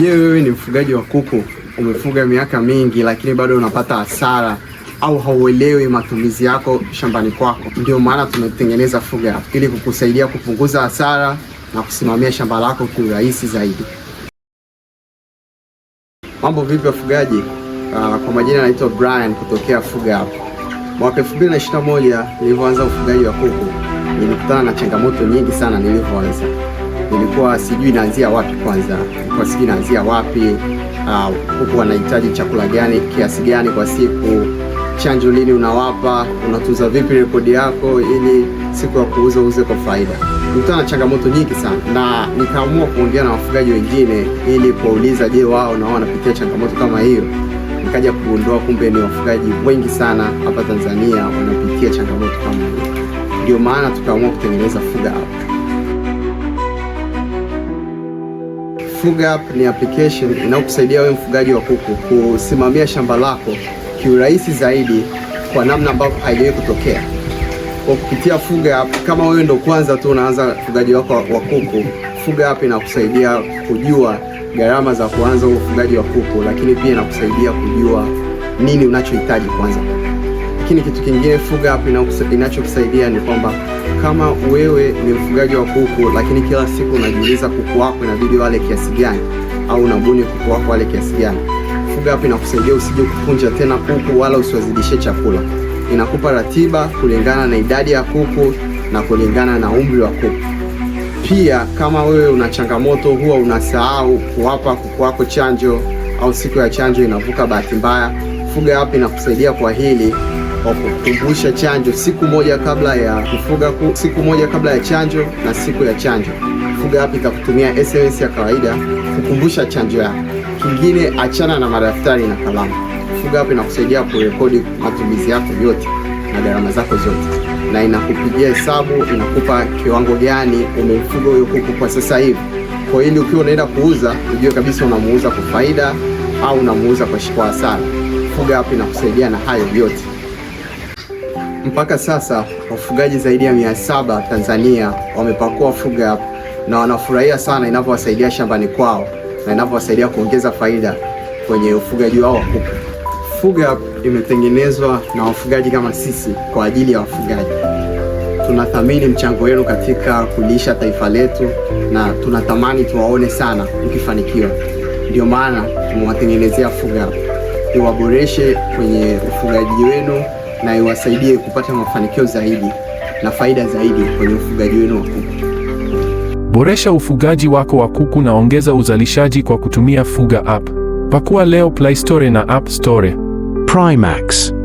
Je, wewe ni mfugaji wa kuku, umefuga miaka mingi, lakini bado unapata hasara au hauelewi matumizi yako shambani kwako? Ndio maana tumetengeneza Fuga App ili kukusaidia kupunguza hasara na kusimamia shamba lako urahisi zaidi. Mambo vipi wafugaji? Uh, kwa majina naitwa Brian kutokea Fuga App. Mwaka 2021 nilivyoanza ufugaji wa kuku nilikutana na changamoto nyingi sana nilivyoanza nilikuwa sijui naanzia wapi kwanza, nilikuwa sijui naanzia wapi huku, uh, wanahitaji chakula gani, kiasi gani kwa siku, chanjo lini unawapa, unatunza vipi rekodi yako ili siku ya kuuza uze kwa faida. Nilikutana na changamoto nyingi sana, na nikaamua kuongea na wafugaji wengine ili kuwauliza, je, wao nao wanapitia changamoto kama hiyo? Nikaja kugundua kumbe ni wafugaji wengi sana hapa Tanzania wanapitia changamoto kama hiyo. Ndio maana tukaamua kutengeneza Fuga App. Fuga App ni application inayokusaidia wewe mfugaji wa kuku kusimamia shamba lako kiurahisi zaidi kwa namna ambayo haijawahi kutokea. Kwa kupitia Fuga App, kama wewe ndo kwanza tu unaanza ufugaji wako wa kuku, Fuga App inakusaidia kujua gharama za kuanza ufugaji wa kuku, lakini pia inakusaidia kujua nini unachohitaji kwanza. Lakini kitu kingine Fuga App inachokusaidia ni kwamba kama wewe ni mfugaji wa kuku, lakini kila siku unajiuliza kuku wako inabidi wale kiasi gani, au unabuni kuku wako wale kiasi gani, Fuga App inakusaidia usije kukunja tena kuku wala usiwazidishe chakula. Inakupa ratiba kulingana na idadi ya kuku na kulingana na umri wa kuku. Pia kama wewe una changamoto, huwa unasahau kuwapa kuku wako chanjo au siku ya chanjo inavuka bahati mbaya, Fuga App inakusaidia kwa hili wa kukumbusha chanjo siku moja kabla ya kufuga ku, siku moja kabla ya chanjo na siku ya chanjo. Fuga app itakutumia SMS ya kawaida kukumbusha chanjo yako. Kingine, achana na madaftari na kalamu. Fuga app inakusaidia kurekodi matumizi yako yote na gharama zako zote, na inakupigia hesabu, inakupa kiwango gani umemfuga huyo kuku kwa sasa hivi, kwa ili ukiwa unaenda kuuza ujue kabisa unamuuza kwa faida au unamuuza kwa hasara. Fuga app inakusaidia na hayo yote. Mpaka sasa wafugaji zaidi ya mia saba Tanzania wamepakua FUGAP na wanafurahia sana inavyowasaidia shambani kwao na inavyowasaidia kuongeza faida kwenye ufugaji wao wa kuku. Fuga imetengenezwa na wafugaji kama sisi kwa ajili ya wafugaji. Tunathamini mchango wenu katika kuliisha taifa letu na tunatamani tuwaone sana mkifanikiwa. Ndio maana tumewatengenezea Fuga iwaboreshe kwenye ufugaji wenu na iwasaidie kupata mafanikio zaidi na faida zaidi kwenye ufugaji wenu wa kuku. Boresha ufugaji wako wa kuku na ongeza uzalishaji kwa kutumia Fuga App. Pakua leo Play Store na App Store. Primax.